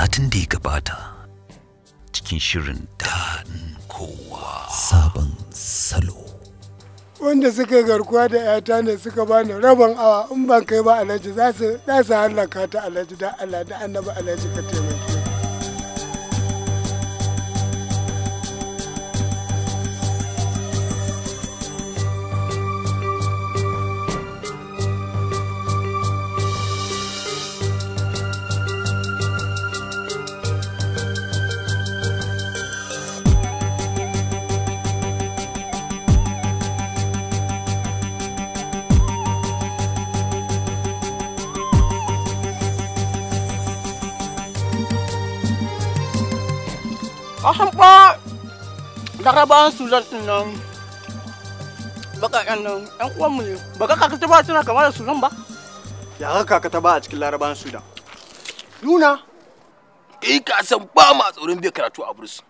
satin da ya gabata cikin shirin daɗin kowa sabon salo wanda suka garkuwa da yata ne suka bani rabon awa in ba kai ba alhaji za su hallaka ta alhaji da allah da annaba alhaji ka taimaki baka sudan din nan bakaƙen nan yan uwanmu ne ba ka kakata ba suna kama da ba ya ka kakata ba a cikin larabawan sudan nuna kai ka san ba ma tsoron bai karatu a bursu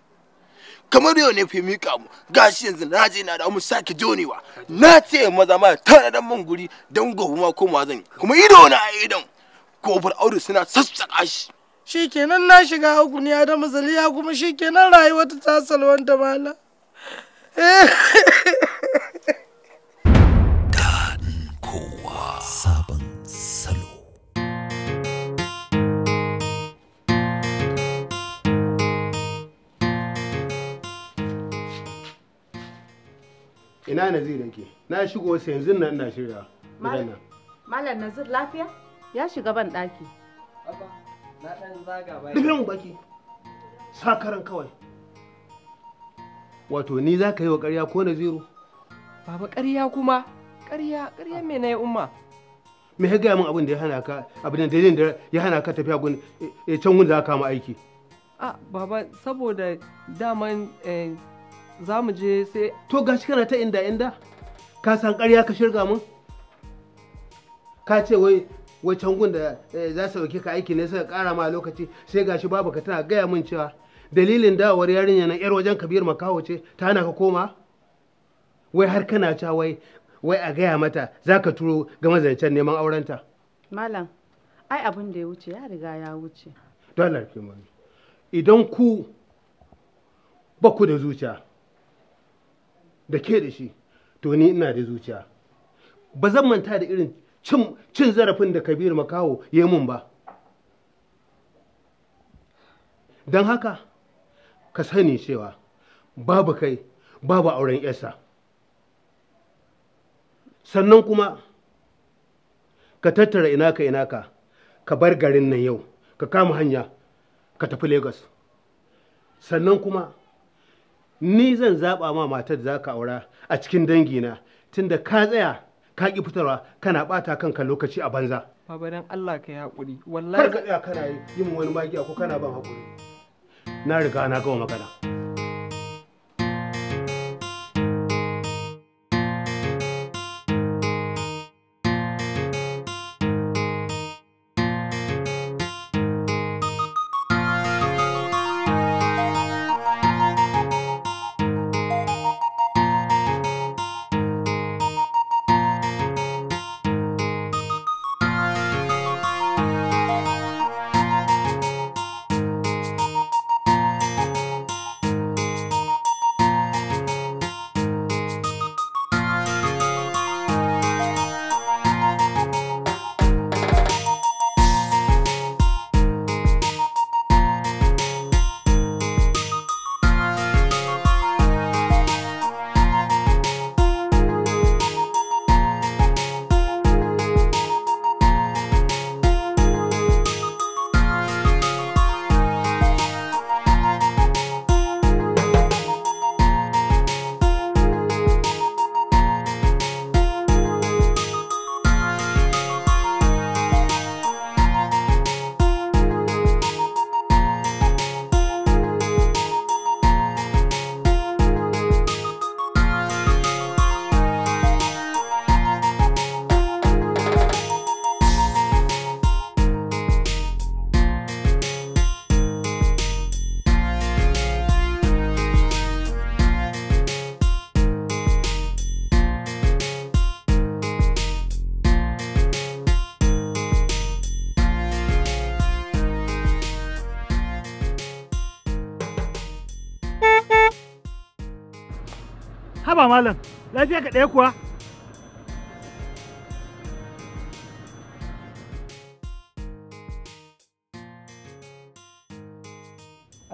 kamar yau ne fi mika mu gashi yanzu na je na da mu sake jonewa na ce maza ma tana da mun guri dan gobe ma koma zan kuma ido na idon kofar aure suna sassaka shi shikenan na shiga hukuni ya da mazaliya kuma shikenan rayuwar ta salwanta mala Daɗin sabon salo. Ina Nazir yake? Na shigo wasu yanzu nan ina shirya. Malam Nazir lafiya? Ya shiga ban ɗaki. Abba, na ɗan zaga baki. Sakaran kawai. wato ni za ka yi wa ƙarya ko naziru baba ƙarya kuma ƙarya ƙarya mai na umma me ya gaya min abin da ya hana ka abin da da ya hana ka tafiya gun eh, can gun da za ka kama aiki a baba saboda daman eh, za mu je sai to gashi kana ta inda inda ka san ƙarya ka shirga mun ka ce wai wai can gun da eh, za su ɗauke ka aiki ne suka ƙara ma lokaci sai gashi babu ka tana gaya min cewa dalilin dawar yarinya na yar wajen kabir makaho ce ta hana ka koma wai har kana ca wai wai a gaya mata za ka turo ga mazancen neman aurenta malam ai abin da ya wuce ya riga ya wuce dollar kimani idan ku ba ku da zuciya da ke da shi to ni ina da zuciya ba zan manta da irin cin zarafin da kabir makaho ya mun ba don haka ka sani cewa babu kai babu auren yarsa sannan kuma ka tattara inaka inaka ka bar garin nan yau ka kama hanya ka tafi lagos sannan kuma ni zan zaɓa ma matar za ka aura a cikin dangina tunda ka tsaya ka ƙi fitarwa kana ɓata kanka lokaci a banza. Baba dan Allah ka yi haƙuri. Wallahi. Kar ka tsaya kana yin wani magiya ko kana ban haƙuri. なるかなこうのかな。ba malam lafiya ka ɗaya kuwa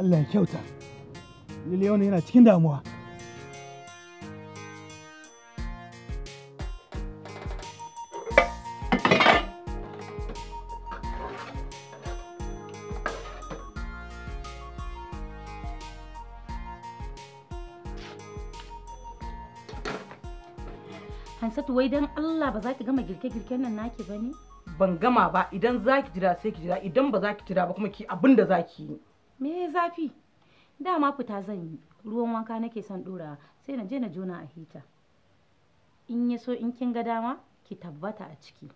Allah ya kyauta Liliyon yana cikin damuwa wai dan Allah ba za ki gama girke-girken nan naki ba ne? Ban gama ba idan za ki jira sai ki jira idan ba za ki jira ba kuma ki abin da za ki yi. Me zafi? Dama fita zan yi ruwan wanka nake son dora sai na je na jona a hita. In ya so in kin ga dama ki tabbata a ciki.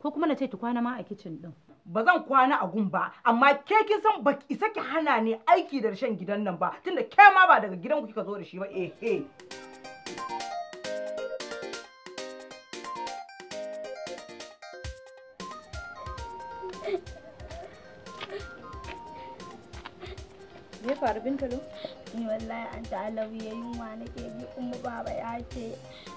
Ko kuma na ce ki kwana ma a kicin din. Ba zan kwana a gun ba amma ke kin san ba isa ki hana ni aiki da rashin gidan nan ba tunda ke ma ba daga gidan ku kika zo da shi ba eh eh. faru bintalo? Ni wallahi an ta alawi ya yunwa nake bi kuma baba ya ce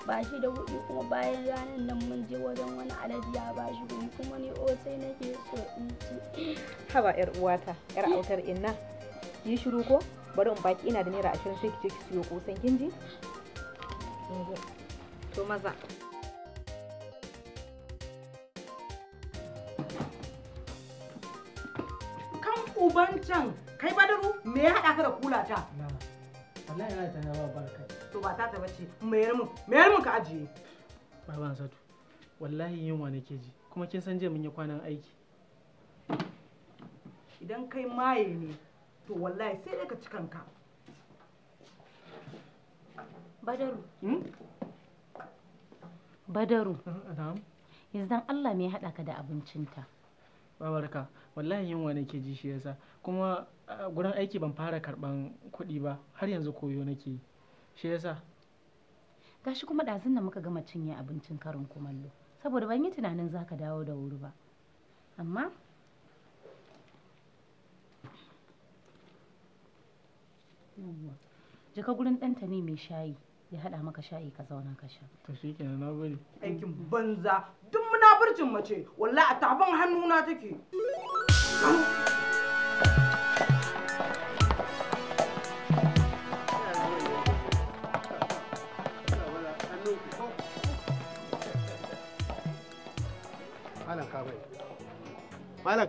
ba shi da kuɗi kuma bayan ranar nan mun je wajen wani alaji ya ba shi kuɗi kuma ni o sai nake so in ci. Haba yar uwata, yar autar inna. Yi shiru ko? Bari in baki ina da naira ashirin sai ki je ki siyo kosan kin ji? To maza. Kan uban can. kai badaru me ya haɗa ka da kula ta wallahi na tana ba ba kai. to ba ta taba ce mayar mun mayar mun ka ajiye baban satu wallahi yin wa nake ji kuma kin san jiya mun yi kwanan aiki idan kai maye ne to wallahi sai dai ka ci kanka badaru hmm? badaru yanzu dan Allah me ya haɗa ka da abincinta babarka wallahi yin wa nake ji shi yasa kuma gurin aiki ban fara karɓan kuɗi ba har yanzu koyo nake yi shi yasa gashi kuma ɗazun da muka gama cinye abincin karin kumallo saboda ban yi tunanin za ka dawo da wuri ba amma jika gurin ɗanta ne mai shayi ya haɗa maka shayi ka zauna ka sha to shi na gode aikin banza duk muna burjin mace wallahi a taban hannuna take Malam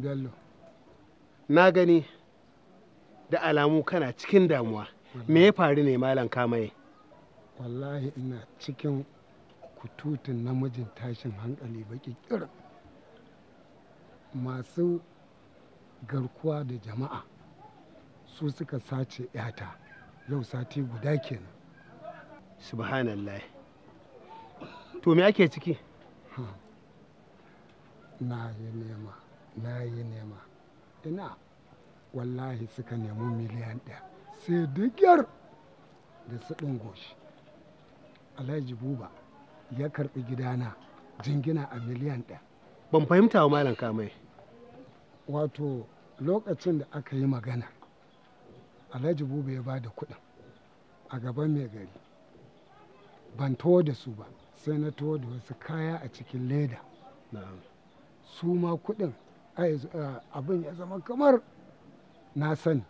Bello. Na gani da alamu kana cikin damuwa. Me ya faru ne Malam Kamai? Wallahi ina cikin kututun namijin tashin hankali baki kira. Masu garkuwa da jama'a su suka sace yata yau sati guda kenan subhanallah to me ake ciki na yi nema na yi nema ina wallahi suka nemi miliyan ɗaya sai digyar da su goshi alhaji buba ya karɓi gidana jingina a miliyan ɗaya ban fahimta wa malam kamai wato lokacin da aka yi magana alhaji bube ya ba da kuɗin a gaban mai gari ban taho da su ba sai na taho da wasu kaya a cikin leda su ma kuɗin eh, abin ya zama kamar na sani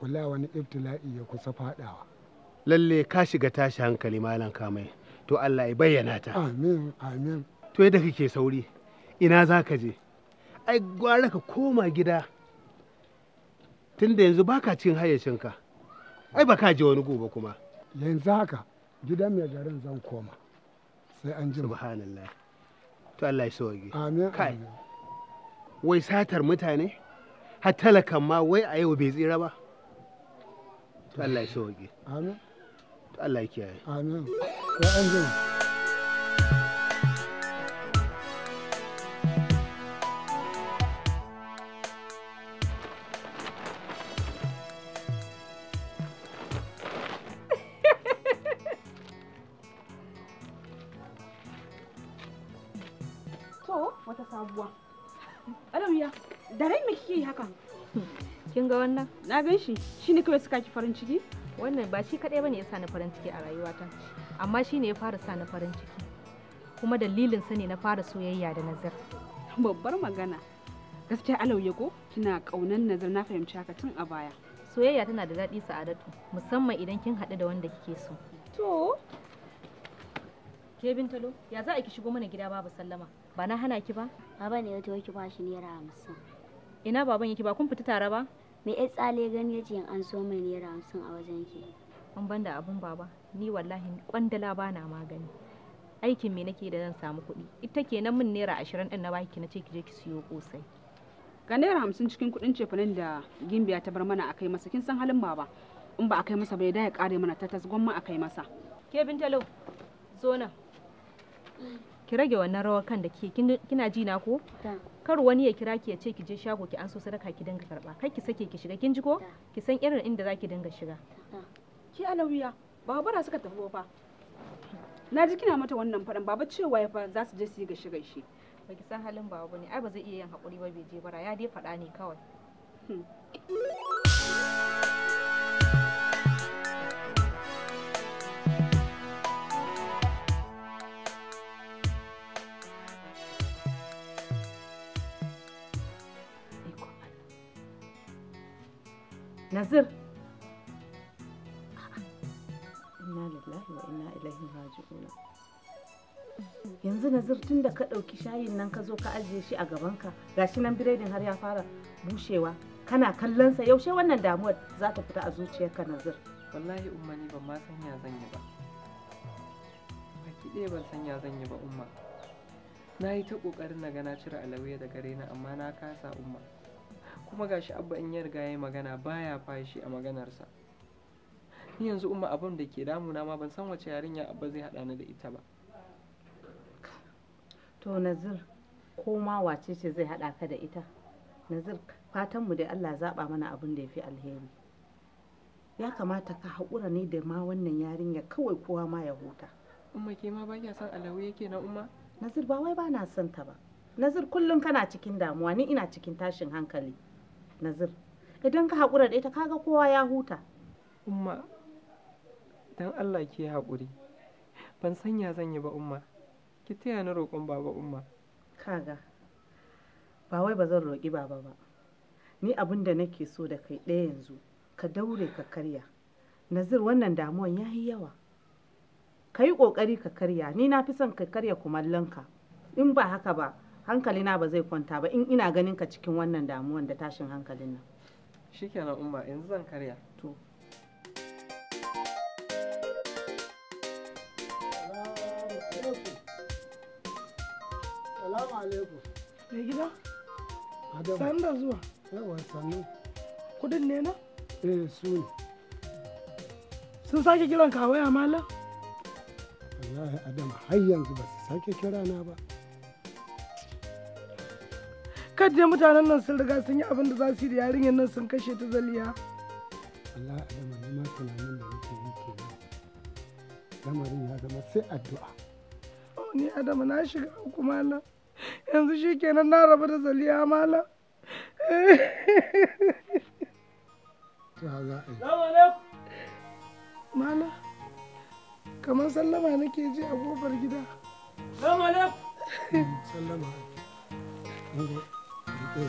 wala wani ibtila'i ya kusa fadawa lalle ka shiga tashi hankali malam kamai to allah ya bayyana ta amin amin to yadda kake sauri ina za ka je ai gwara ka koma gida tun da yanzu baka cin hayyacinka ai ba ka je wani gobe kuma yanzu haka gidan mai garin zan koma sai an ji subhanallah to Allah ya sauke amin kai wai satar mutane har talakan ma wai a yau bai tsira ba to Allah ya sauke amin to Allah ya kiyaye amin ko an ji na gan shi ne kawai suka ki farin ciki wannan ba shi kadai bane ya sa ni farin ciki a rayuwata amma shi ne ya fara sa ni farin ciki kuma dalilin sa ne na fara soyayya da nazar babbar magana gaskiya alauye ko kina kaunan nazar na fahimci haka tun a baya soyayya tana da daɗi sa'adatu musamman idan kin haɗu da wanda kike so to ke bintalo ya za a ki shigo mana gida babu sallama ba na hana ki ba baba ne ya ki ba shi naira hamsin ina baban yake ba kun fita tare ba me ya tsale gani ya ce an so mai naira hamsin a wajen ki an banda abun baba ni wallahi kwandala ba na magani aikin me nake da zan samu kuɗi ita kenan min naira ashirin ɗin na baki na ce ki je ki siyo kosai ga naira hamsin cikin kuɗin cefanen da gimbiya ta bar mana a kai masa kin san halin baba in ba a kai masa bai da ya kare mana ta tasgon ma kai masa ke talo zo nan mm. ki rage wannan rawar kan da ke kina ji na ko kar wani ya kira ki ya ce ki je shago ki an so sadaka ki dinga karba kai ki sake ki shiga kin ji ko ki san irin inda zaki dinga shiga ki alawiya ba bara suka tafi ba na ji kina mata wannan fadan baba cewa ya fa za su je su yi shi ba baki san halin baba ne ai ba zai iya yin hakuri ba bai je bara ya dai fada ne kawai hmm. hazır. Yanzu Nazir tun da ka ɗauki shayin nan ka zo ka ajiye shi a gaban gabanka gashi nan biredin har ya fara bushewa kana kallonsa yaushe wannan damuwar za ta fita a zuciyarka Nazir. Wallahi umma ni ban ma sanya zan yi ba. ki ɗaya ban sanya zan yi ba umma. Na yi ta ƙoƙarin na gana na cire alawiya daga raina amma na kasa umma. kuma gashi abba in ya riga ya magana baya fashi a maganarsa ni yanzu umma abin da ke damuna ma ban san wace yarinya abba zai haɗa ni da ita ba to nazir ko ma wace ce zai haɗa ka da ita nazir fatanmu da allah zaba mana abun da ya fi alheri ya kamata ka haƙura ne da ma wannan yarinya kawai kowa ma ya huta umma ke ma ba kya son alawi yake na umma nazir ba wai ba na son ta ba nazir kullum kana cikin damuwa ni ina cikin tashin hankali Nazir idan ka haƙura da ita kaga kowa ya huta umma don Allah ki haƙuri ban sanya zan yi ba umma ki taya ni roƙon baba umma kaga ba wai ba zan roƙi baba ba ni abin da nake so da kai ɗaya yanzu ka daure ka karya nazir wannan damuwan ya yi yawa ka yi ƙoƙari ka karya ni na fi son ka karya kumallonka in ba haka ba hankalina ba zai kwanta ba in ina ganin ka cikin wannan damuwan da tashin hankalin nan shikenan umma yanzu zan karya to Salamu alaikum. Me gida? Adamu. da zuwa. Yawa sannu. Kudin ne na? Eh su ne. Sun sake kiran kawai a mala? Wallahi Adamu har yanzu ba su sake kira na ba. kaje mutanen nan sun riga sun yi abin da za su yi da yarinyar nan sun kashe ta zaliya Allah adama ne ma tunanin da yake yi ke lamarin ya zama sai addu'a ni adama na shiga uku malam yanzu shi kenan na rabu da zaliya malam Mala, kamar sallama nake ji a kofar gida. Sallama. Sallama. うん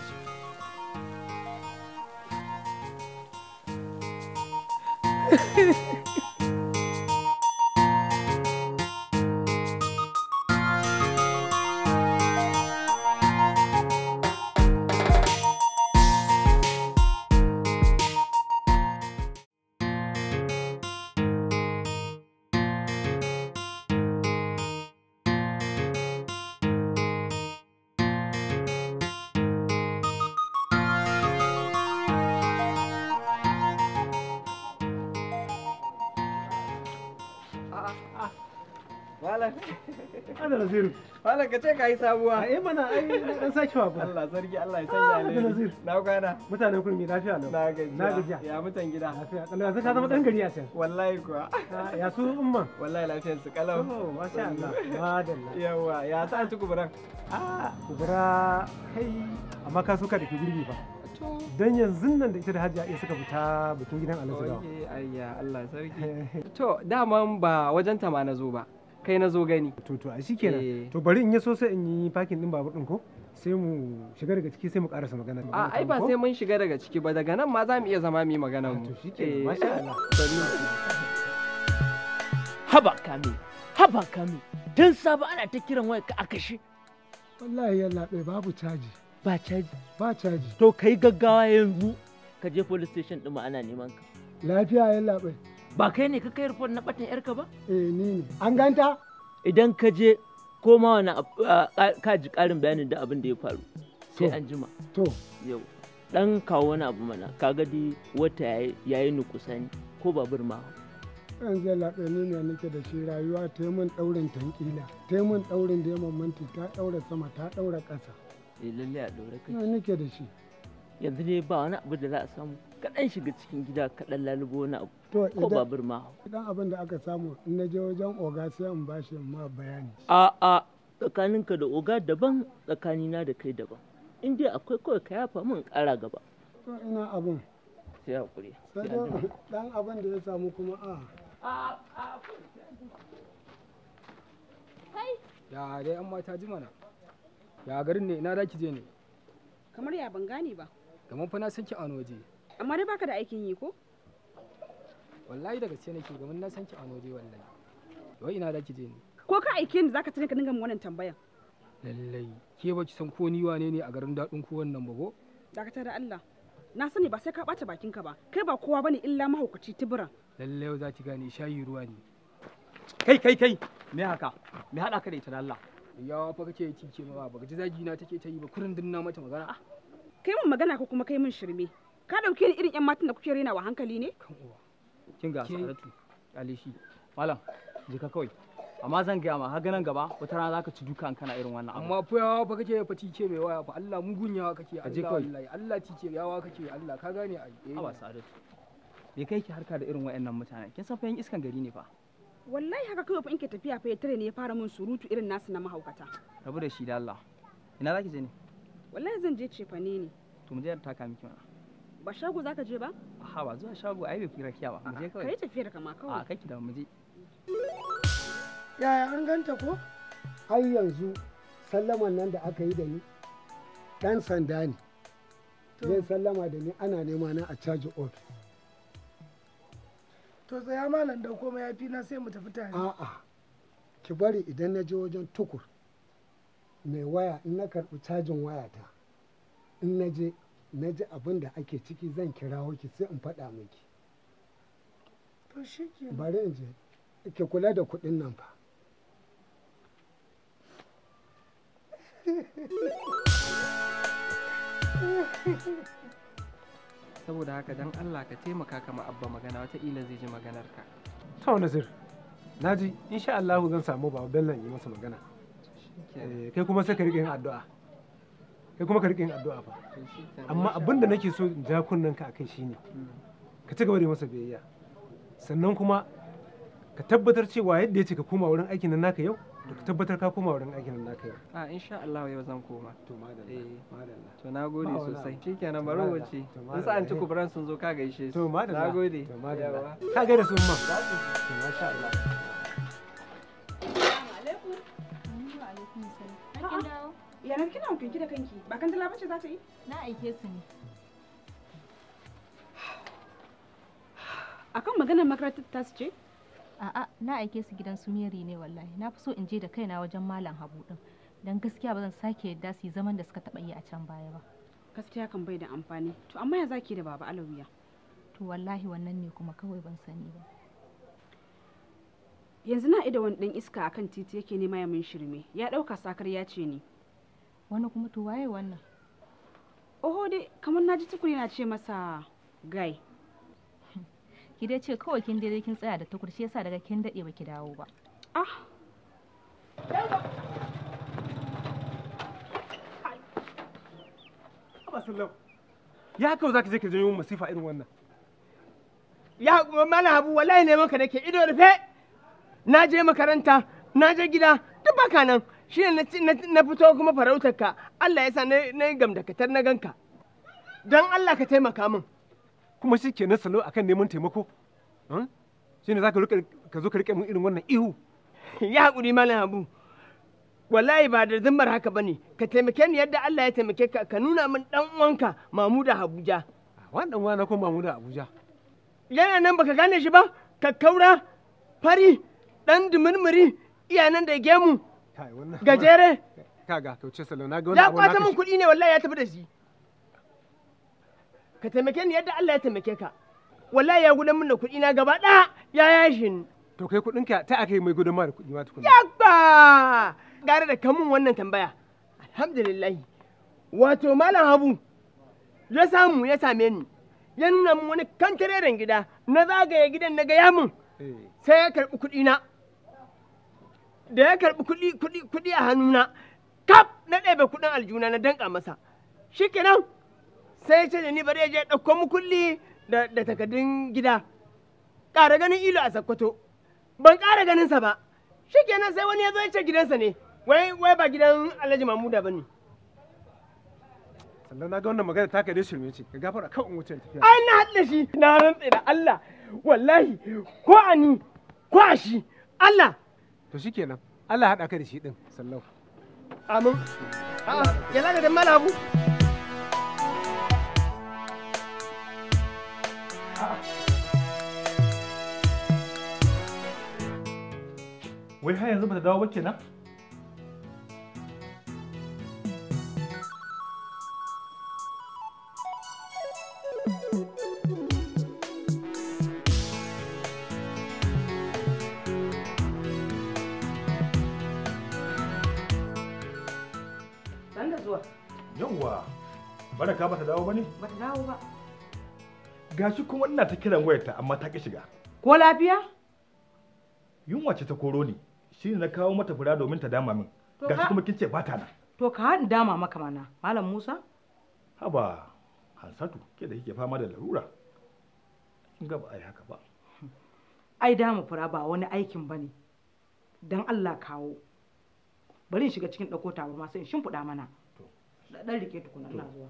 Malam. Ana Nazir. Malam ka ce ka yi sabuwa. Eh mana ai dan sake wa. Allah sarki Allah ya sanya ne. Ah, Nazir. Na gana. Mutanen kurmi lafiya lau. Na gaji. Na gaji. Ya mutan gida. Lafiya. Allah zaka zama dan gari a can. Wallahi kuwa. Ya su umma. Wallahi lafiyar su kalau. Oh masha Allah. Madalla. Yawa ya sa ci kuburan. Ah kubura kai amma ka suka da kibirbi fa. don yanzu nan da ita da hajiya iya suka fita bikin gidan alhaji dawa. Oye, ayya Allah sarki. To, daman ba wajen ta ma na zo ba. kai na zo gani to to a shikenan eh. to bari in yi so sai in yi parking din babur din ko sai mu shiga daga ciki sai mu karasa magana a ai ba sai mun shiga daga ciki ba daga nan ma za mu iya zama mu yi magana mu to shikenan eh. masha Allah haba kame haba kame dan sabu ana ta kiran waya ka akashi wallahi yalla bai babu caji ba caji ba caji to kai gaggawa yanzu ka je police station din ma ana neman ka lafiya yalla bai ba kai ne ka kai rufon na batan yarka ba eh ni ne an ganta idan ka je koma wani ka ji karin bayanin da abin da ya faru sai an jima to yau dan kawo wani abu mana ga di wata yayi nukusani ko babur ma an zai laɓeni ne nake da shi rayuwa ta yi min ɗaurin tankila ta yi ɗaurin da ya mamanti ta ɗaura sama ta ɗaura ƙasa. Eh a ɗaure kai. Na nake da shi. Yanzu ne ba wani abu da za a samu. kaɗan shiga cikin gida kaɗan lalubo na abu ko babur ma idan abin da aka samu in na je wajen oga sai in ba shi ma bayani a a tsakaninka da oga daban tsakanina da kai daban in dai akwai kawai ka yafa min ƙara gaba to ina abin sai hakuri dan abin da ya samu kuma a a a kai ya dai an mata ji mana ya garin ne ina za ki je ne kamar ya ban gane ba kamar fa na san ki a waje amma dai baka da aikin yi ko wallahi daga gaske nake mun na san ki a waje wallahi wai ina da ki je ni ko ka aikin da zaka tare ka dinga min wannan tambayan lallai ke ba ki san ko ni wane ne a garin dadin ku wannan ba ko dakatar da Allah na sani ba sai ka bata bakinka ba kai ba kowa bane illa mahaukaci tibiran lallai yau za ki gane shayi ruwa ne kai kai kai me haka me hada ka da ita Allah yawa fa kake yi ma ba ji zagi na take ta yi ba kurin dinna mata magana ah! kai mun magana ko kuma kai mun shirme ka dauke ni irin yan matan da kuke rena wa hankali ne kan uwa kin ga saratu alishi malam je ka kawai amma zan gaya ma haganan gaba wata rana zaka ci dukan kana irin wannan amma fa yawa fa kake fa tice mai waya fa Allah mugun yawa kake Allah wallahi Allah tice yawa kake Allah ka gane ai eh ba saratu me kai ki harka da irin wayannan mutane kin san fa yan iskan gari ne fa wallahi haka kai fa in ke tafiya fa ya tare ne ya fara mun surutu irin nasu na mahaukata rabu da shi da Allah ina zaki je ne wallahi zan je cefane ne ne to mu je ta ka miki wannan ba shago zaka je ba ha ba zuwa shago ai bai kiyawa mu je kawai kai da kama kawai a kai ki da mu je yaya an ganta ko har yanzu sallaman nan da aka yi da ni dan sanda ne zai sallama da ni ana nema na a caji ofis to tsaya malam da koma ya fi na sai mu tafi tare a'a ki bari idan na je wajen tukur mai waya in na karɓi cajin wayata in na je na ji abin da ake ciki zan kira ki sai in faɗa miki bari in je ke kula da kuɗin nan fa saboda haka don allah ka taimaka kama abba magana wataƙila zai ji maganarka sau nasir na ji insha allahu zan samu babu bellan yi masa magana eh, kai kuma sai ka riƙe yin addu'a kai kuma ka riƙa yin addu'a fa amma abin da nake so in ja kunnen ka akai shine ka ci gaba da masa biyayya sannan kuma ka tabbatar cewa yadda ya ce ka koma wurin aikin nan naka yau to ka tabbatar ka koma wurin aikin nan naka yau a insha Allah yau zan koma to madalla eh, madalla to nagode sosai shikenan bari wuce in sa an ci kubran sun zo ka gaishe su to madalla nagode to madalla ka gaida su ma to masha Allah kenan kina da kanki ba kan za ta yi na aike su ne akan maganar makarantar tasu ce a'a na aike su gidan su ne wallahi na fi so in je da kaina wajen malam habu din dan gaskiya ba zan sake yadda su yi zaman da suka taba yi a can baya ba gaskiya kan bai da amfani to amma ya zaki da baba alawiya to wallahi wannan ne kuma kawai ban sani ba yanzu na ida wani dan iska akan titi yake nema ya min shirme ya dauka sakar ya ce ni wani kuma to waye wannan oho dai kamar na ji tukuri na ce masa gai ki dai ce kawai kin dai kin tsaya da tukuri shi yasa daga kin dade baki dawo ba ah sallau ya haka za ka je ka janyo masifa irin wannan ya mana habu wallahi ne maka nake ido rufe na je makaranta na je gida duk baka nan shi na fito kuma farautarka Allah ya sa na yi gamdakatar na ganka don Allah ka taimaka min kuma shi kenan salo akan neman taimako hmm? shi ne za ka zo ka rike mun irin wannan ihu ya haƙuri malam abu wallahi ba da zimmar haka ne ka taimake ni yadda Allah ya taimake ka ka nuna min ɗan uwanka Mamuda Abuja ah, wannan uwana ko Mamuda Abuja yana nan baka gane shi ba kakkaura fari dan dumurmuri iyanan da gemu gajere kaga kauce salo na ga wani abu kwata min kuɗi ne wallahi ya tafi da shi ka taimake ni yadda Allah ya taimake ka wallahi ya gudan min da kuɗi na gaba ɗaya ya yashi ni to kai kuɗin ka ta aka mai gudan ma da kuɗi ma tukuna yabba gare da kamun wannan tambaya alhamdulillah wato malam habu ya samu ya same ni ya nuna min wani kantareren gida na zagaye gidan na ga yamin eh. sai ya karɓi kuɗi na da ya karbi kuɗi kuɗi kuɗi a hannuna kaf na ɗebe kuɗin aljuna na danka masa shikenan sai ya ce da ni bari ya je ɗauko mu kulli da takardun gida ƙara ganin ilo a sakkwato ban ƙara ganinsa ba shikenan sai wani ya zo ya ce gidansa ne wai wai ba gidan alhaji mamuda ba ne sannan na ga wannan magana ta kai shirme ce ka gafara kan wucin tafiya ai na haɗa shi na rantsa da Allah wallahi ko ani ko a shi Allah to kenan Allah haɗa ka da shi din sallau amin a'a ah, ya zaga da malabu wai har yanzu ba ta dawo ba kenan Baraka ba ta dawo ba ne? Ba ta dawo ba. Gashi kuma ina ta kiran wayarta amma ta ki shiga. Ko lafiya? Yunwa ce ta koro ni, shi ne na kawo mata fura domin ta dama min. Gashi kuma kin ce ba ta na. To ka haɗu dama maka mana, Malam Musa? Haba, Hansatu, ke da kike fama da larura. Kin ga ba ai haka ba. Ai dama fura ba wani aikin ba ne. Don Allah kawo. Bari in shiga cikin ɗauko ma sai in shimfiɗa mana. Ɗan rike tukunan na zuwa.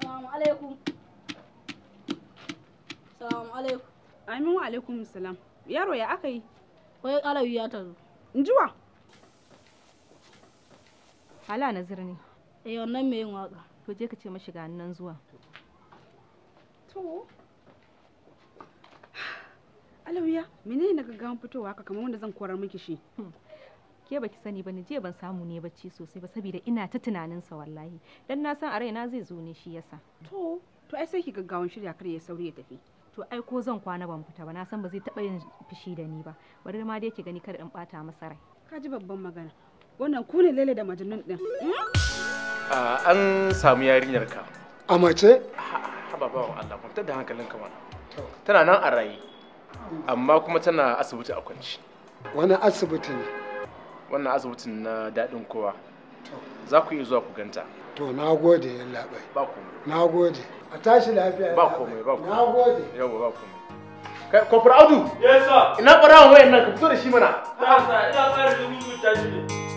Salamu alaikum. Salamu alaikum. wa alaikum salam. Yaro ya aka yi? Wai alawi ya tazo. In Hala na ne. Eh wannan me yin waka. To je ka ce mashi ga nan zuwa. To. alawiya menene na gaggawan fitowa haka kamar wanda zan korar miki shi hmm. ke baki sani ba ni jiya ban samu ne bacci sosai ba saboda ina ta tunanin sa wallahi dan na san a raina zai zo ne shi yasa to to ai sai ki gaggawan shirya kar ya sauri ya tafi to ai ko zan kwana ban fita ba na san ba zai taba yin fishi da ni ba bari ma dai ki gani kada in bata masa rai ka ji babban magana wannan ku ne lele da majnun din hmm? an samu yarinyar ka a mace ha ba ba Allah ta da hankalinka mana tana nan a raye amma kuma tana asibiti a kwanci wani asibiti ne wannan asibitin na daɗin kowa za ku iya zuwa ku ganta to na gode ya labai ba komai na gode a tashi lafiya ba komai ba komai na gode yau ba komai kai kofar audu yes sir ina ɓarawan wayan nan ka fito da shi mana ina tsayar da tashi ne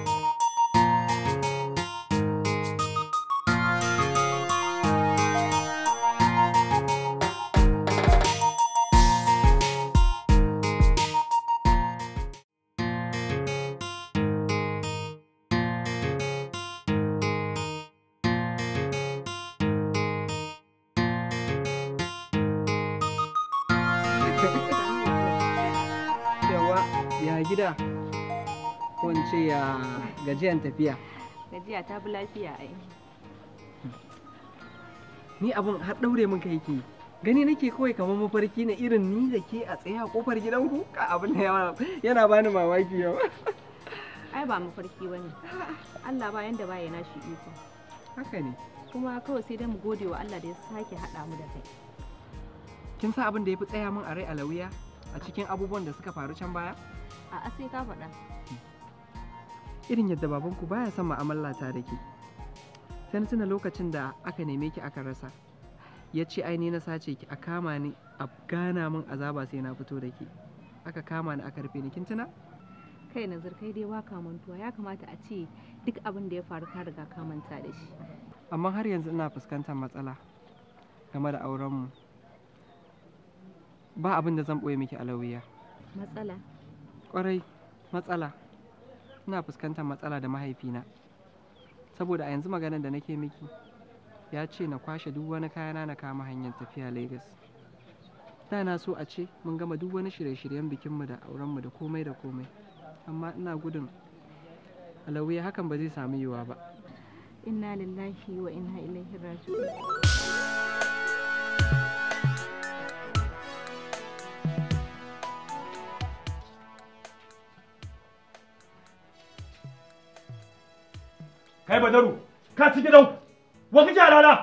gajiyan tafiya gajiya ta bi lafiya ai ni abun har daure min kai ke gani nake kawai kamar mafarki na irin ni da ke a tsaye a kofar gidanku ka abin da yana bani mamaki yau ai ba mafarki bane Allah ba yanda ba ya nashi iko haka ne kuma kawai sai dai mu gode wa Allah da ya sake haɗa mu da kai kin sa abin da ya fi tsaya min a rai a lauya a cikin abubuwan da suka faru can baya a'a sai ka faɗa hmm. irin yadda babanku baya son ma'amala ta da ke sai tuna lokacin da aka neme ki aka rasa ya ce ai na sace ki a kama ni a gana min azaba sai na fito da ke, aka kama ni a rufe ni kin tuna kai nazar kai dai waka mantuwa ya kamata a ce duk abin da ya faru ka riga ka manta da shi amma har yanzu ina fuskantar matsala game da aurenmu ba abin da zan ɓoye miki alawiya matsala Kwarai, matsala ina fuskantar matsala da mahaifina saboda a yanzu maganar da nake miki ya ce na kwashe duk wani kayana na kama hanyar tafiya Legas. Da na so a ce mun gama duk wani shirye-shiryen bikinmu da aurenmu da komai da komai, amma ina gudun alawiya hakan ba zai sami yiwuwa ba. Inna lillahi wa inna ilaihi raji'un. kai badaru ka ci gidan wa kake alala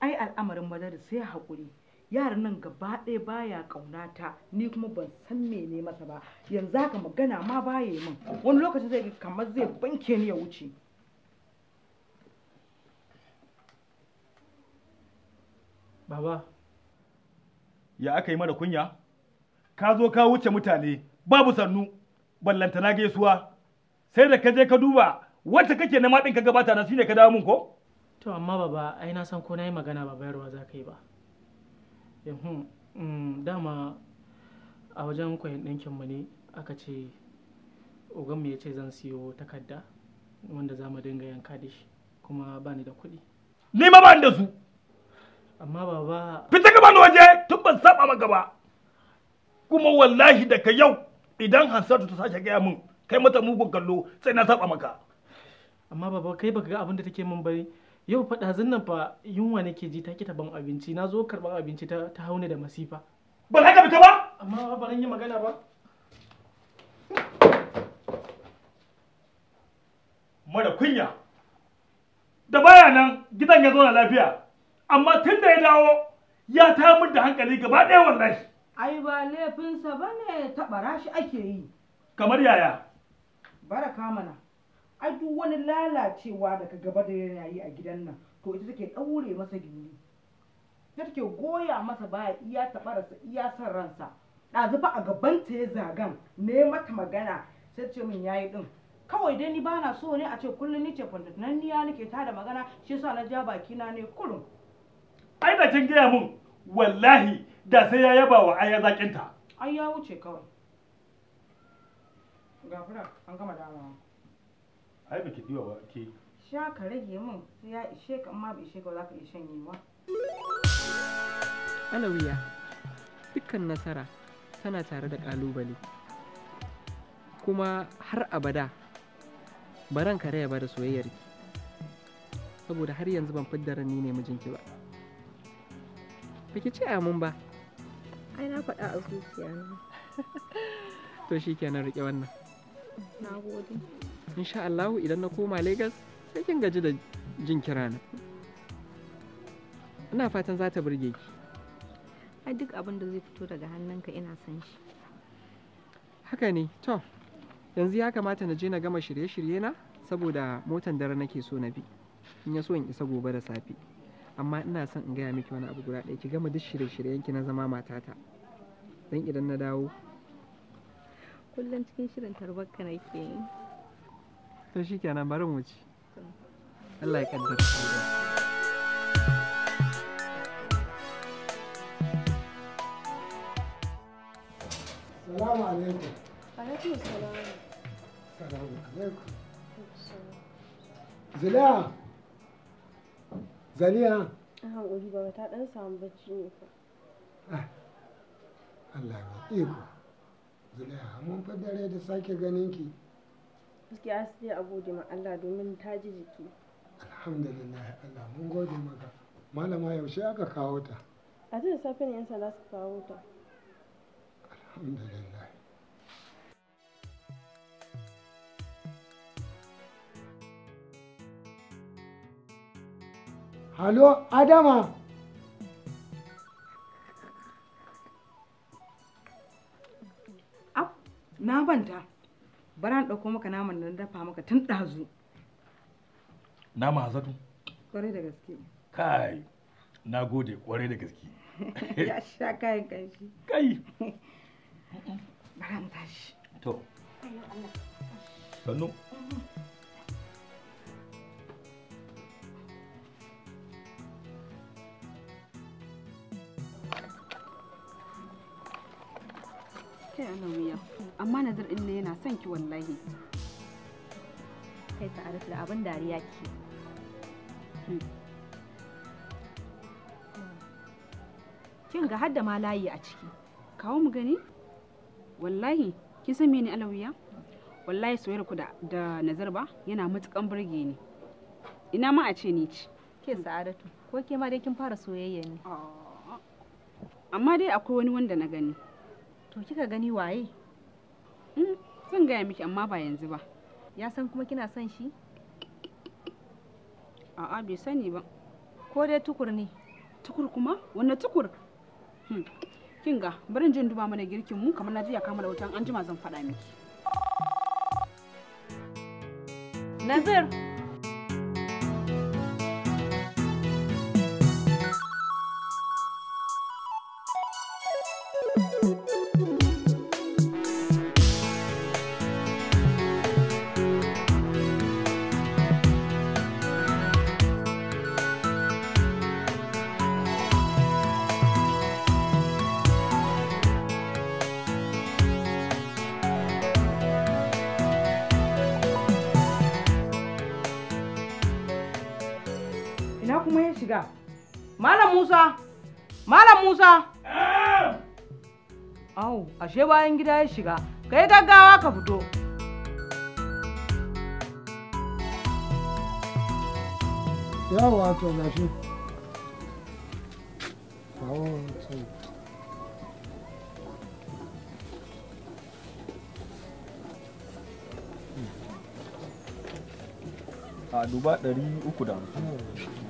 ai al'amarin badaru sai hakuri yaran nan gaba ɗaya baya kaunata ni kuma ban san mene masa ba yanzu haka magana ma baya min wani lokaci zai kamar zai banke ni ya wuce baba ya aka yi mara kunya ka zo ka wuce mutane babu sannu ballantana gaisuwa sai da ka je ka duba wacce kake na maɗin ka gabata na shine ka dawo mun ko to amma baba ai na san ko na yi magana ba bayarwa za ka yi ba ehm, mm, dama a wajen koyon ɗinkin mu ne aka ce oganmu ya ce zan siyo takarda wanda za mu dinga yanka da shi kuma ba ni da kuɗi ni ma ba da su amma baba fita gaba waje tun ban saba maka ba kuma wallahi daga yau idan hansatu ta sake gaya mun kai mata mugun kallo sai na saba maka amma baba kai baka ga abin da take min bari yau fa ɗazun nan fa yunwa nake ji ta ki abinci na zo karban abinci ta ta haune da masifa ba haka ka ba amma ba ran yi magana ba mara kunya da baya nan gidan ya zo na lafiya amma tun da ya dawo ya ta tayar da hankali gaba ɗaya wallahi ai ba laifinsa ba ne taɓara shi ake yi kamar yaya Bara kamana, ai duk wani lalacewa daga gaba da yana yi a gidan nan to ita take ɗaure masa gini. take goya masa baya iya taɓararsa iya son ransa ɗazu a gabanta ya zagan ne mata magana sai ce min yayi ɗin kawai dai ni bana so ne a ce kullum ni ce kwantatnanniya nake ta da magana shi yasa na ja baki na ne kurum ai da kin gaya mun wallahi da sai ya yaba wa aya zakinta ai ya wuce kawai gafura an gama damawa ai baki diwa ba ke sha ka rage min sai ya ishe ka amma bai ishe ka za ka iya shanyewa alawiya dukkan nasara tana tare da kalubale kuma har abada baran ka raya ba da soyayyarki saboda har yanzu ban fidda rani ne mijinki ba baki ce mun ba ai na faɗa a zuciya na to shi kenan rike wannan na gode insha Allah idan na koma Lagos sai kin gaji da jin kira na ina fatan za ta burge ki ai duk abin da zai fito daga hannunka ina son shi haka ne to yanzu ya kamata na je na gama shirye-shirye na saboda motan dare nake so na bi in ya so in isa gobe da safe amma ina son in gaya miki wani abu guda ɗaya ki gama duk shirye-shiryenki na zama matata dan idan na dawo kullum cikin shirin tarbarka nake to shikenan bari mu ci Allah ya kaddara Salamu alaikum. Alaikum salam. Salamu alaikum. Zaliya. Zaliya. Ah, ba ta dan samu bacci ne fa. Ah, Allah ne iko zulaiha mun fa dare da sake ganin ki gaskiya sai dai a gode ma Allah domin ta ji jiki alhamdulillah Allah mun gode maka malama yaushe aka kawo ta a zai safe ne yan sanda su kawo ta alhamdulillah Halo Adama na banta bara na ɗauko maka naman da dafa maka tun ɗazu nama hazatu kwarai da gaske kai na gode kwarai da gaske ya sha kayan kanshi kai bara in tashi to sannu din ne yana son ki wallahi kai sa'adatu da abin dariya ke hmm. kin ga har ma layi a ciki kawo mu gani wallahi kin san mene alawiya wallahi soyar ku da nazar ba yana matukan burge ni ina ma a ce ni ci ke sa'adatu ko ke ma dai kin fara soyayya ne amma dai akwai wani wanda na gani to kika gani waye Hmm, zan gaya miki amma ba yanzu ba ya san kuma kina son shi a'a bai sani ba ko dai tukur ne tukur kuma wanne tukur hmm, kin ga barin jin duba mana girkin mu kamar na jiya kama da wutan an jima zan faɗa miki nazir ina kuma ya shiga malam musa malam musa au ashe bayan gida ya shiga kai gaggawa ka fito yawa to shi a duba 350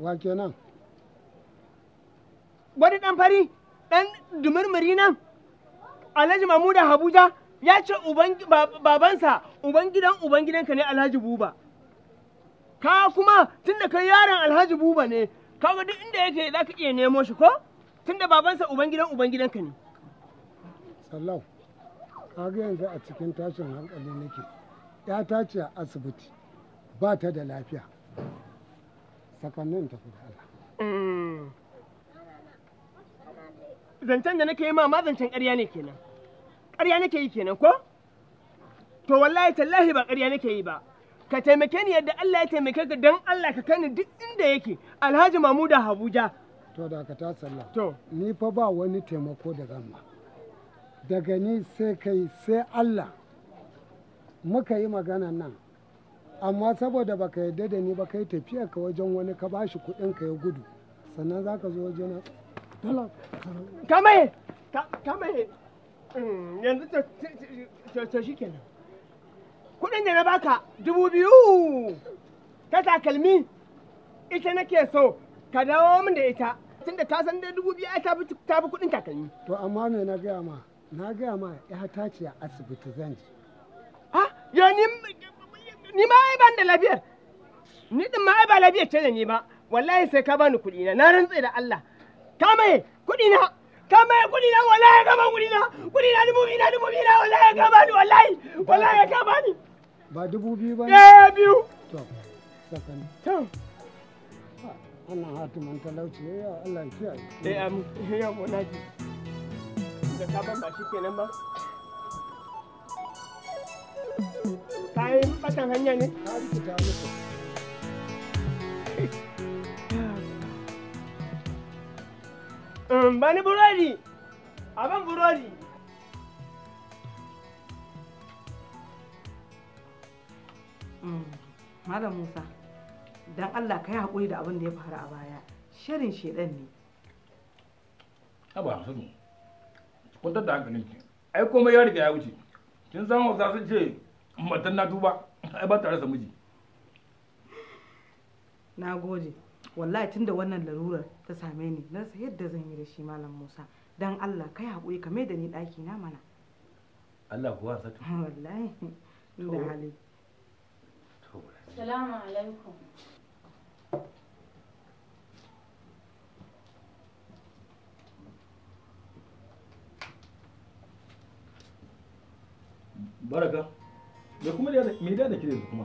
wa kenan wani dan fari dan dumurmuri nan alhaji mamuda habuja ya ce babansa ubangidan ubangidanka ne alhaji buba ka kuma tunda kai yaron alhaji buba ne kaga duk inda yake za ka iya nemo shi ko tunda babansa ubangidan ubangidanka ne sallau kaga yanzu a cikin tashin hankali nake ya ta ce a asibiti ba ta da lafiya sakannin da Allah. Mm. Zancen da nake yi ma zancen ƙarya ne kenan. Ƙarya nake yi kenan ko? To wallahi tallahi ba ƙarya nake yi ba. Ka taimake ni yadda Allah ya taimake ka don Allah ka kani duk inda yake Alhaji Mamuda Habuja. To da ka ta sallah. To. Ni fa ba wani taimako da zan Daga ni sai kai sai Allah muka yi magana nan. amma saboda baka yadda da ni ba kai tafiya ka wajen wani ka bashi kuɗin ka ya gudu sannan za ka zo wajen dala kame kame mm, yanzu to shi kenan kuɗin da na baka dubu biyu ta takalmi ita nake so ka dawo min da ita da ka san dai dubu biyu ta fi ta kuɗin takalmi to amma me na gaya ma na gaya ma ya ta ce a asibiti zan je ha ya ni ma ai ban da lafiyar ni din ma ai ba lafiyar ce da ni ba wallahi sai ka bani kuɗi na na rantse da Allah ka mai kuɗi na ka mai kuɗi na wallahi ka bani kuɗi na kuɗi na dubu biyu na dubu biyu na wallahi ka bani wallahi wallahi ka bani ba dubu biyu ba eh biyu to sakani to wannan hatiman talauci ya Allah ya kiyaye eh amin ya mu naji da ka ban ba shi kenan ba Kayi batan hanya ne? Um, bani burodi! Abin burodi! Um, Malam Musa, don Allah ka yi haƙuri da abin da ya faru a baya, shirin shedan ne. da ai komai ya riga ya wuce. kin san hausa sun ce matan na tuba ai ba tare da miji na gode wallahi tun da wannan larurar ta same ni na san yadda zan yi da shi malam musa dan allah kai haƙuri ka mai da ni ɗaki na mana allah kuwa satu wallahi da hali salamu alaikum baraka da kuma me da da kuma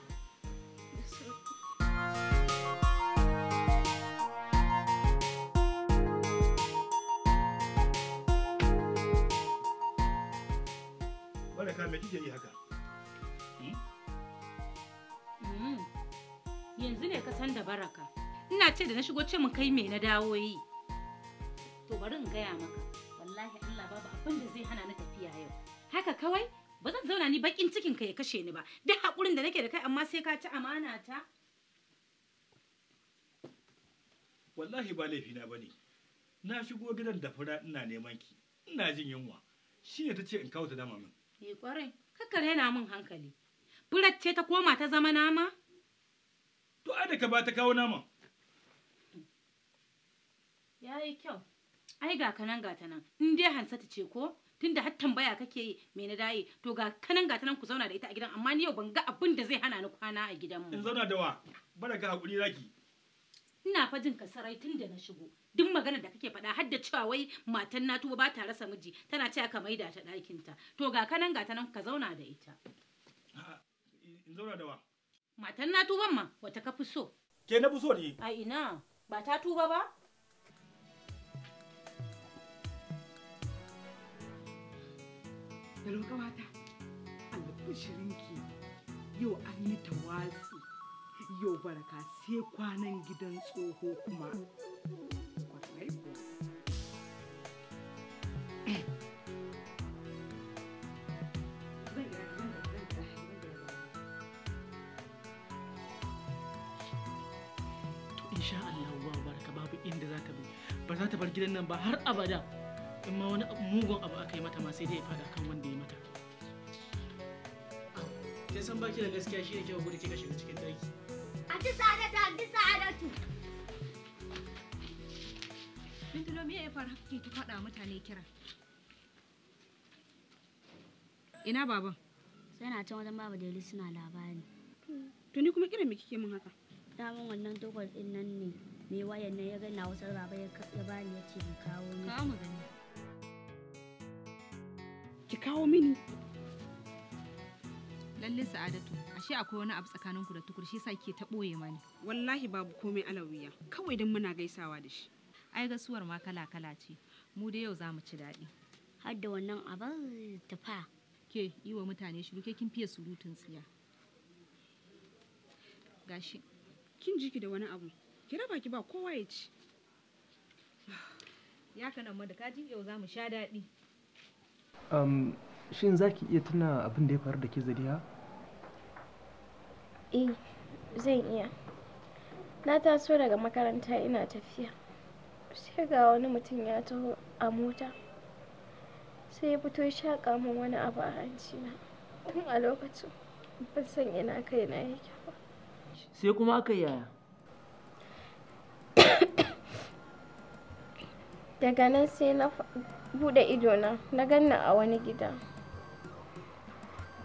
baraka ina ce da na shigo ce mun kai me na dawo yi to bari in gaya maka wallahi Allah babu abin da zai hana ni tafiya yau haka kawai ba zan zauna ni bakin cikin ka ya kashe ni ba duk hakurin da nake da kai amma sai ka ci amana ta wallahi ba laifi na bane na shigo gidan da fura ina neman ki ina jin yunwa shine tace in kawo ta dama min eh kwarai kakkare na min hankali furar ce ta koma ta zama nama to ai da ka ba ta kawo naman yayi kyau ai ga kanan ga ta nan in dai hansata ce ko tunda har tambaya kake yi me na daye to ga kanan ga nan ku zauna da ita a gidan amma ni yau ban ga abin da zai hana ni kwana a gidan mu in zauna da wa bara ka hakuri zaki ina fa jin sarai tun da na shigo duk magana da kake faɗa har da cewa wai matan na tuba ba ta rasa miji tana cewa ka maida ta ɗakinta to ga kanan ga nan ka zauna da ita in zauna da wa Matan na tuban ma wata ka fi so. Ke na fi so ne? A ina ba ta tuba ba? Yaro roƙa mata, shirinki yau an yi tawatsi, yau baraka sai kwanan gidan tsoho kuma. Kwarai kuwa. Eh. bar gidan nan ba har abada in ma wani mugun abu aka yi mata ma sai dai ya fada kan wanda ya mata sai san baki da gaskiya shi ne kyau gudu kika shiga cikin daki a ci sa'adatu a ci sa'adatu Bintulo me ya faru haka ke ta faɗa mutane kira? Ina baban? Yana can wajen baba Delu suna labari. tuni kuma kiran me kike min haka? Daman wannan dogon din nan ne me wayan nan ya ga na wasar baba ya bani ya ce kawo ni kawo gani ki kawo mini lalle sa'adatu ashe akwai wani abu tsakanin ku da tukur shi yasa kike ta boye mani wallahi babu komai alawiya kawai dan muna gaisawa da shi ai gasuwar ma kala kala ce mu da yau zamu ci daɗi har da wannan abar tufa ke yi wa mutane shiru ke kin fiye surutun tsiya gashi kin jiki da wani abu ki raba ki ba kowa ya ci ya kana mu da kaji yau za mu sha daɗi um, shin za ki iya tuna abin da ya faru da ke zadiya eh zan iya na taso daga makaranta ina tafiya sai ga wani mutum ya taho a mota sai ya fito ya shaƙa min wani abu a hancina tun a lokacin ban san ina kaina yake ba sai kuma aka yaya daga nan sai na buɗe idona na ganna a wani gida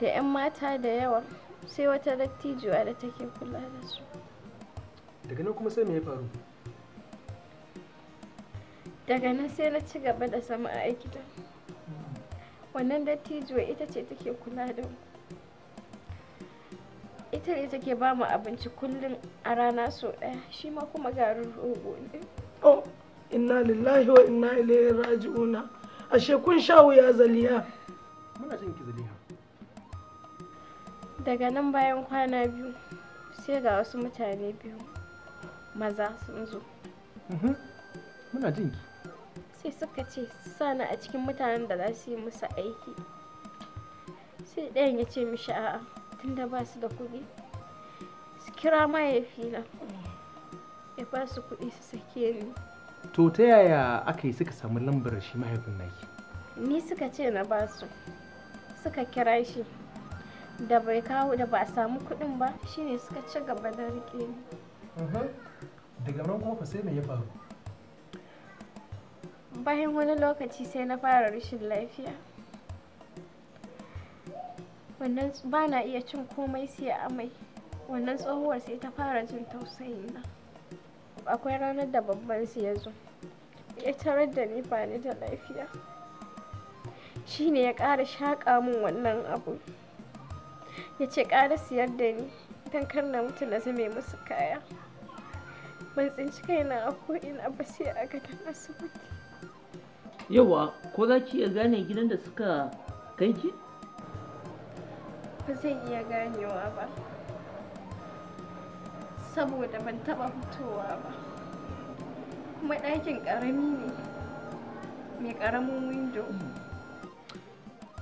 da 'yan mata da yawa sai wata dattijuwa da take kula da su daga nan kuma sai me ya faru daga nan sai na ci gaba da sama a gida hmm. wannan dattijuwa ita ce take kula da mu ita ne take ba mu abinci kullum a rana so ɗaya shi ma kuma garin rogo ne oh inna lillahi wa inna ilaihi raji'una ashe kun sha wuya zaliya? muna jin ki zaliya daga nan bayan kwana biyu sai ga wasu mutane biyu maza sun zo mhm. muna jin ki sai suka ce sana a cikin mutanen da za su yi musu aiki sai ɗayan ya ce mishi a'a inda ba su da kuɗi su kira mahaifina ya ba su kuɗi su sake ni to ta yaya aka yi suka samu lambar shi mahaifin naki ni suka ce na ba su suka kira shi da bai kawo da ba a samu kuɗin ba shine suka ci gaba da rike ni daga nan kuma sai me ya faru bayan wani lokaci sai na fara rashin lafiya wannan ba na iya cin komai sai amai wannan tsohuwar sai ta fara jin tausayi na akwai ranar da babban su ya zo ya tarar da ni ba ni da lafiya Shi ne ya ƙara shaƙa min wannan abu ya ce ƙara siyar da ni don kar na mutu na zame musu kaya ban tsinci kaina a ko'ina ba sai a gadon asibiti yawa ko za ki iya gane gidan da suka kai ba zai iya ganewa ba saboda ban taba fitowa ba kuma ɗakin ƙarami ne mai ƙaramin windo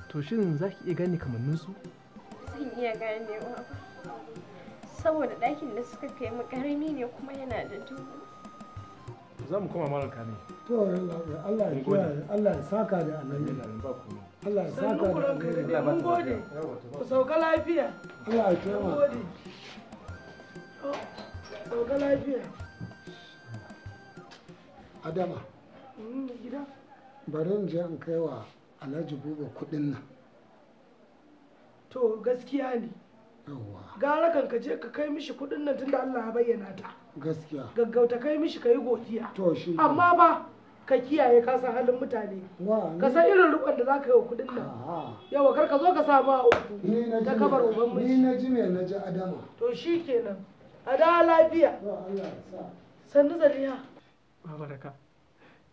to shin za ki iya gane kamanninsu zan iya ganewa ba saboda ɗakin da suka kai mu ƙarami ne kuma yana da duhu za mu koma marar kame to Allah ya saka da annabi Allah ya saka da alheri. Mun gode. Ku sauka lafiya. Allah ya taimaka. Mun gode. Oh, sauka lafiya. Adama. Mm, gida. Bari in je in kai wa Alhaji Buba kuɗin nan. To gaskiya ne. Gara kan ka je ka kai mishi kuɗin nan tunda Allah ya bayyana ta. Gaskiya. Gaggauta kai mishi ka yi godiya. To shi. Amma ba ka kiyaye ka san halin mutane ka san irin rukun da za ka yi wa kudin nan yawa kar ka zo ka samu a uku ta kabar uban mu ni na ji me na ji adama to shi kenan a da lafiya sannu zaliya babaraka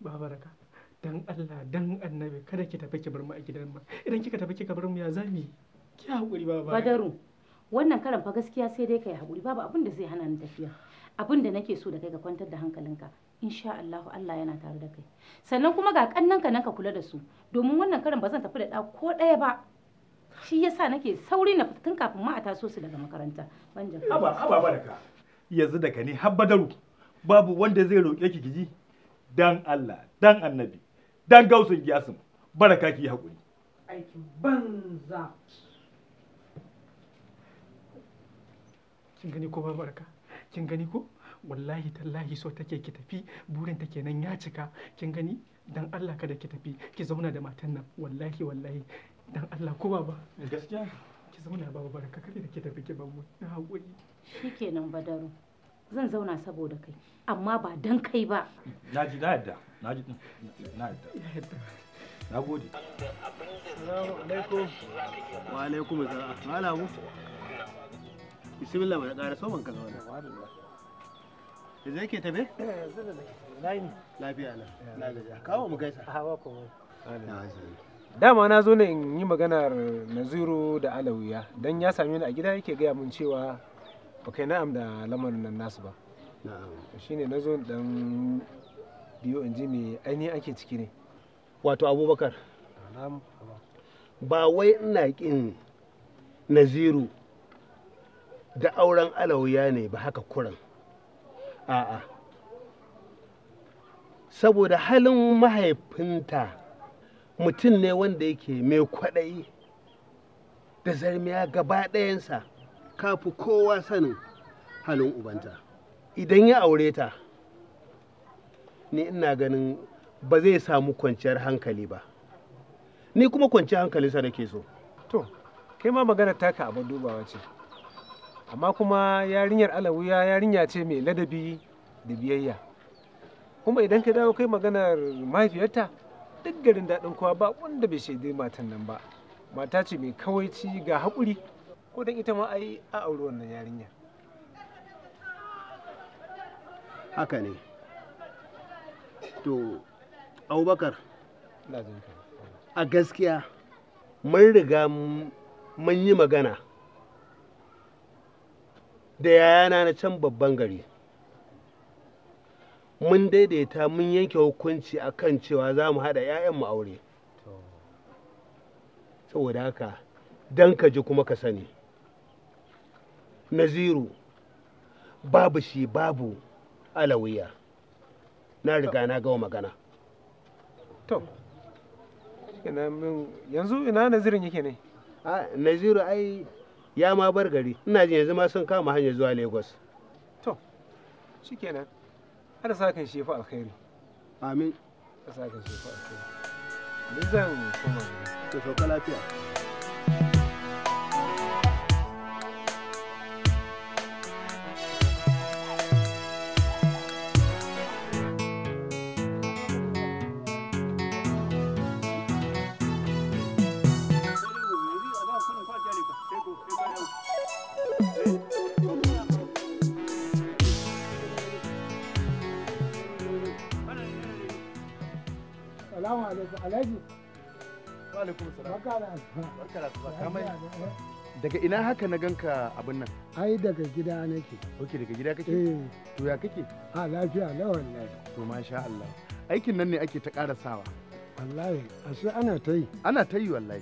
babaraka dan Allah dan annabi kada ki tafi ki bar mu a gidan ba idan kika tafi kika bar mu ya zami ki hakuri baba badaru wannan karan fa gaskiya sai dai kai hakuri babu abin da zai hana ni tafiya abin da nake so da kai ka kwantar da hankalinka insha Allah Allah yana tare da kai sannan kuma ga kannan ka nan ka kula da su domin wannan karin ba zan tafi da ko ɗaya ba shi yasa nake sauri na tun kafin ma a taso su daga makaranta ban jaka haba ba da yanzu da ka ne daru babu wanda zai roƙe ki kiji dan Allah dan annabi dan gausun giyasin baraka ki hakuri aikin banza kin gani ko ba baraka kin gani ko wallahi tallahi so take ki tafi burin ta kenan ya cika kin gani dan Allah kada ki tafi ki zauna da matan nan wallahi wallahi dan Allah ko baba gaskiya ki zauna baba baraka kada ki tafi ki bamu na hakuri shikenan badaru zan zauna saboda kai amma ba dan kai ba naji na yadda naji na yadda na gode assalamu alaikum wa alaikum assalam malamu bismillah bai ƙara so man ka zauna Eh, dama na zo ne in yi maganar naziru da alawiya don ya same ni a gida yake gaya mun cewa ba kai na'am da lamarin nan nasu ba shi ne na zo dan biyo in ji mai aini ake ciki ne wato abubakar ba wai ina kin naziru da auren alawiya ne ba haka kuran a'a saboda halin mahaifinta mutum ne wanda yake mai kwaɗayi da zarmiya gaba ɗayansa kafi kowa sanin halin ubanta idan ya aure ta ni ina ganin ba zai samu kwanciyar hankali ba ni kuma kwanciyar hankalinsa nake so to kai ma magana taka abin dubawa ce amma kuma yarinyar alawiya yarinya ce mai ladabi da biyayya kuma idan ka dawo kai maganar mahaifiyarta duk garin daɗin kowa ba wanda bai shaidi matan nan ba mata ce mai kawaici ga haƙuri ko don ita ma a yi a auri wannan yarinya haka ne to abubakar a gaskiya mun riga mun yi magana da yana na can babban gari mun daidaita mun yanke hukunci a kan cewa za mu haɗa 'ya'yanmu aure saboda haka don ka ji kuma ka sani naziru babu shi babu alawiya na riga na gawa magana to yanzu ina nazirin yake ne naziru ai ya ma bar gari ina jin yanzu ma sun kama hanyar zuwa lagos to shikenan har sa kan shefa alkhairi amin har sa kan shefa alkhairi duk zan koma to sauka lafiya daga ina haka na ganka abin nan ai daga gida nake ok daga gida kake eh. to ya kake a lafiya la wallahi to masha Allah aikin nan ne ake ta karasawa wallahi ashe ana ta yi ana ta yi wallahi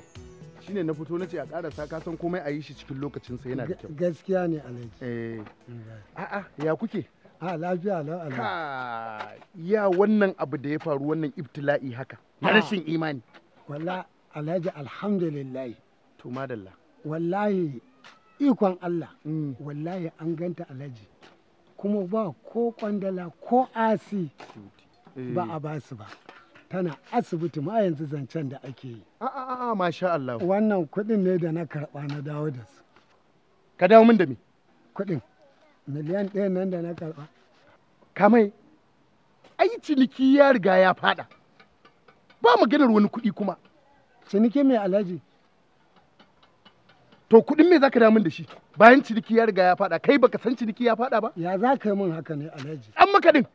shine na fito nace a karasa ka san komai a yi shi cikin lokacin sa yana da kyau gaskiya ne alhaji eh a'a ya kuke a lafiya la Allah ya wannan abu da ya faru wannan ibtila'i haka na rashin imani wallahi alhaji alhamdulillah to madalla wallahi ikon Allah mm. wallahi an ganta alhaji kuma ba ko kwandala ko asi ba eh. a basu ba tana asibiti ma yanzu zancen da ake yi a'a masha Allah wannan kuɗin ne da na karɓa na dawo da su ka dawo min da me kuɗin miliyan ɗaya nan da na karɓa kamai ai ciniki ya riga ya fada ba maganar wani kuɗi kuma ciniki mai alhaji to kudin me zaka damun da shi bayan ciniki ya riga ya faɗa kai baka san ciniki ya faɗa ba ya za ka yi min haka ne alhaji an maka din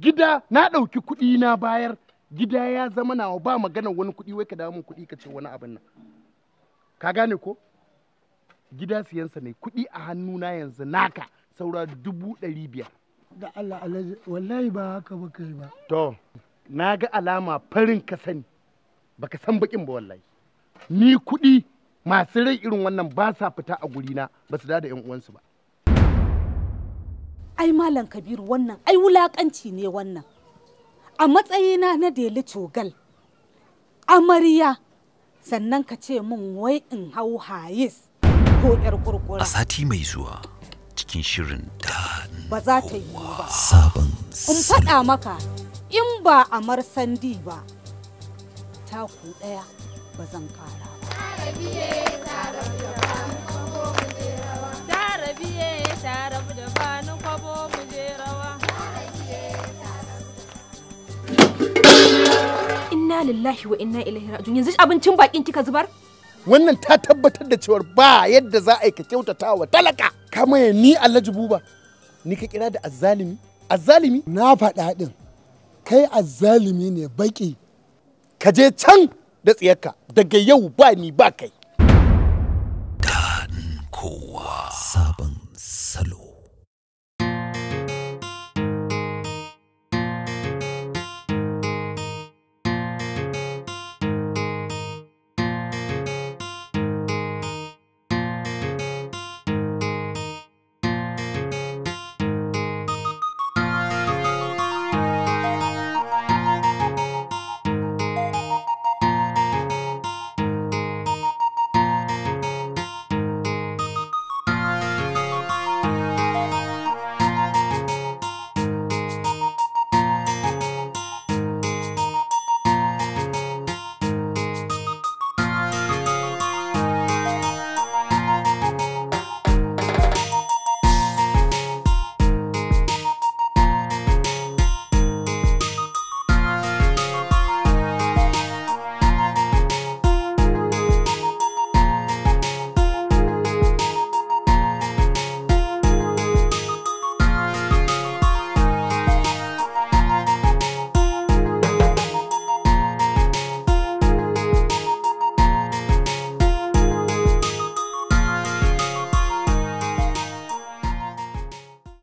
gida na ɗauki kuɗi na bayar gida ya zama na ba magana wani kuɗi wai ka dawo min kuɗi ka ce wani abin nan ka gane ko gida siyansa ne kuɗi a hannuna yanzu naka saura dubu ɗari biyar da Allah alhaji wallahi ba haka ba kai ba to na ga alama farin ka sani baka san bakin ba wallahi ni kuɗi masu rai irin wannan ba sa fita a gurina ba su da yan uwansu ba ai malam kabiru wannan ai wulakanci ne wannan a matsayina na deli cogal amarya sannan ka ce min wai in hau hayis ko yar kurkura a sati mai zuwa cikin shirin da ba za ta yi ba sabon in faɗa maka in ba a sandi ba ku ɗaya ba zan kara Inna lillahi wa inna ilaihi raji'un yanzu abincin bakin kika zubar? Wannan ta tabbatar da cewar ba yadda za a yi ka kyautata wa talaka. Kama ya ni Alhaji Buba, ni ka kira da azzalimi? Azzalimi? Na faɗa din kai azzalumi ne baki ka je can da tsiyarka daga yau ba ni ba kai daɗin kowa sabon salo